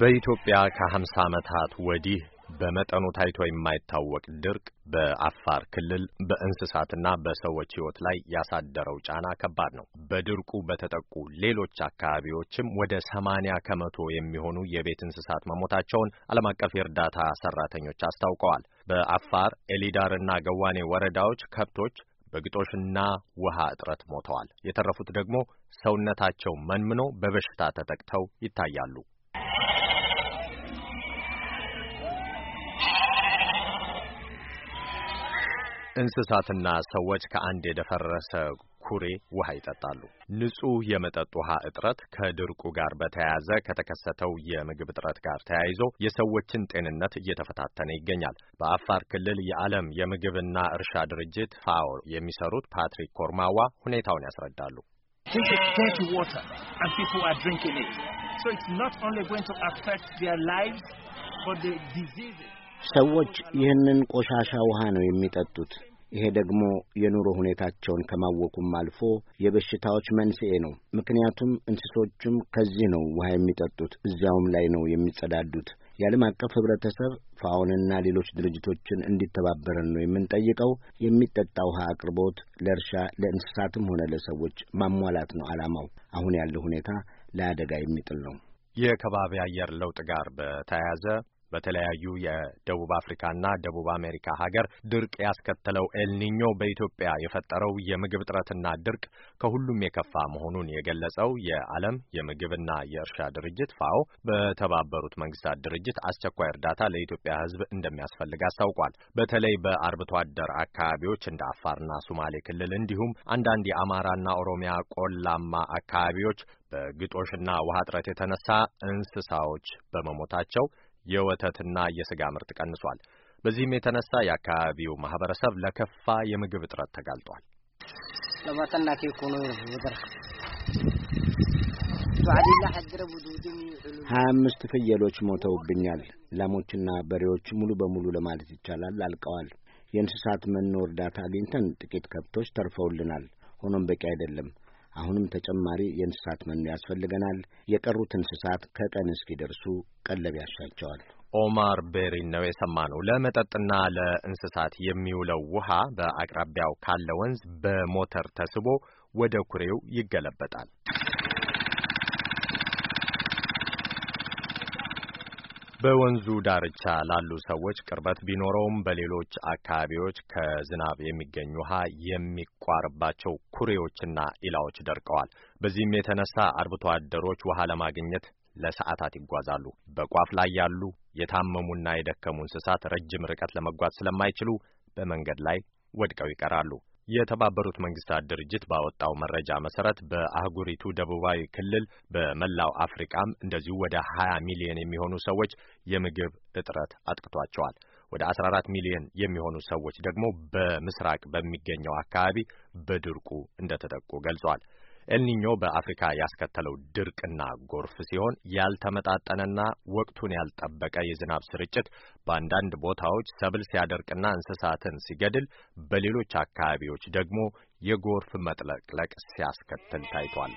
በኢትዮጵያ ከ50 ዓመታት ወዲህ በመጠኑ ታይቶ የማይታወቅ ድርቅ በአፋር ክልል በእንስሳትና በሰዎች ሕይወት ላይ ያሳደረው ጫና ከባድ ነው። በድርቁ በተጠቁ ሌሎች አካባቢዎችም ወደ 80 ከመቶ የሚሆኑ የቤት እንስሳት መሞታቸውን ዓለም አቀፍ የእርዳታ ሰራተኞች አስታውቀዋል። በአፋር ኤሊዳርና ገዋኔ ወረዳዎች ከብቶች በግጦሽና ውሃ እጥረት ሞተዋል። የተረፉት ደግሞ ሰውነታቸው መንምኖ በበሽታ ተጠቅተው ይታያሉ። እንስሳትና ሰዎች ከአንድ የደፈረሰ ኩሬ ውሃ ይጠጣሉ። ንጹህ የመጠጥ ውሃ እጥረት ከድርቁ ጋር በተያያዘ ከተከሰተው የምግብ እጥረት ጋር ተያይዞ የሰዎችን ጤንነት እየተፈታተነ ይገኛል። በአፋር ክልል የዓለም የምግብና እርሻ ድርጅት ፋኦ የሚሰሩት ፓትሪክ ኮርማዋ ሁኔታውን ያስረዳሉ። ሰዎች ይህንን ቆሻሻ ውሃ ነው የሚጠጡት። ይሄ ደግሞ የኑሮ ሁኔታቸውን ከማወቁም አልፎ የበሽታዎች መንስኤ ነው። ምክንያቱም እንስሶቹም ከዚህ ነው ውሃ የሚጠጡት፣ እዚያውም ላይ ነው የሚጸዳዱት። የዓለም አቀፍ ህብረተሰብ ፋኦንና ሌሎች ድርጅቶችን እንዲተባበረን ነው የምንጠይቀው። የሚጠጣ ውሃ አቅርቦት ለእርሻ ለእንስሳትም ሆነ ለሰዎች ማሟላት ነው ዓላማው። አሁን ያለው ሁኔታ ለአደጋ የሚጥል ነው። የከባቢ አየር ለውጥ ጋር በተያያዘ በተለያዩ የደቡብ አፍሪካና ደቡብ አሜሪካ ሀገር ድርቅ ያስከተለው ኤልኒኞ በኢትዮጵያ የፈጠረው የምግብ እጥረትና ድርቅ ከሁሉም የከፋ መሆኑን የገለጸው የዓለም የምግብና የእርሻ ድርጅት ፋኦ በተባበሩት መንግስታት ድርጅት አስቸኳይ እርዳታ ለኢትዮጵያ ሕዝብ እንደሚያስፈልግ አስታውቋል። በተለይ በአርብቶ አደር አካባቢዎች እንደ አፋርና ሶማሌ ክልል እንዲሁም አንዳንድ የአማራና ኦሮሚያ ቆላማ አካባቢዎች በግጦሽና ውሃ እጥረት የተነሳ እንስሳዎች በመሞታቸው የወተትና የስጋ ምርት ቀንሷል። በዚህም የተነሳ የአካባቢው ማህበረሰብ ለከፋ የምግብ እጥረት ተጋልጧል። ሀያ አምስት ፍየሎች ሞተውብኛል። ላሞችና በሬዎች ሙሉ በሙሉ ለማለት ይቻላል አልቀዋል። የእንስሳት መኖ እርዳታ አግኝተን ጥቂት ከብቶች ተርፈውልናል። ሆኖም በቂ አይደለም። አሁንም ተጨማሪ የእንስሳት መኖ ያስፈልገናል። የቀሩት እንስሳት ከቀን እስኪደርሱ ቀለብ ያሻቸዋል። ኦማር ቤሪን ነው የሰማነው። ለመጠጥና ለእንስሳት የሚውለው ውሃ በአቅራቢያው ካለ ወንዝ በሞተር ተስቦ ወደ ኩሬው ይገለበጣል። በወንዙ ዳርቻ ላሉ ሰዎች ቅርበት ቢኖረውም በሌሎች አካባቢዎች ከዝናብ የሚገኝ ውሃ የሚቋርባቸው ኩሬዎችና ኢላዎች ደርቀዋል። በዚህም የተነሳ አርብቶ አደሮች ውሃ ለማግኘት ለሰዓታት ይጓዛሉ። በቋፍ ላይ ያሉ የታመሙና የደከሙ እንስሳት ረጅም ርቀት ለመጓዝ ስለማይችሉ በመንገድ ላይ ወድቀው ይቀራሉ። የተባበሩት መንግስታት ድርጅት ባወጣው መረጃ መሰረት በአህጉሪቱ ደቡባዊ ክልል በመላው አፍሪቃም እንደዚሁ ወደ 20 ሚሊዮን የሚሆኑ ሰዎች የምግብ እጥረት አጥቅቷቸዋል። ወደ 14 ሚሊዮን የሚሆኑ ሰዎች ደግሞ በምስራቅ በሚገኘው አካባቢ በድርቁ እንደተጠቁ ገልጿል። ኤልኒኞ በአፍሪካ ያስከተለው ድርቅና ጎርፍ ሲሆን ያልተመጣጠነና ወቅቱን ያልጠበቀ የዝናብ ስርጭት በአንዳንድ ቦታዎች ሰብል ሲያደርቅና እንስሳትን ሲገድል፣ በሌሎች አካባቢዎች ደግሞ የጎርፍ መጥለቅለቅ ሲያስከትል ታይቷል።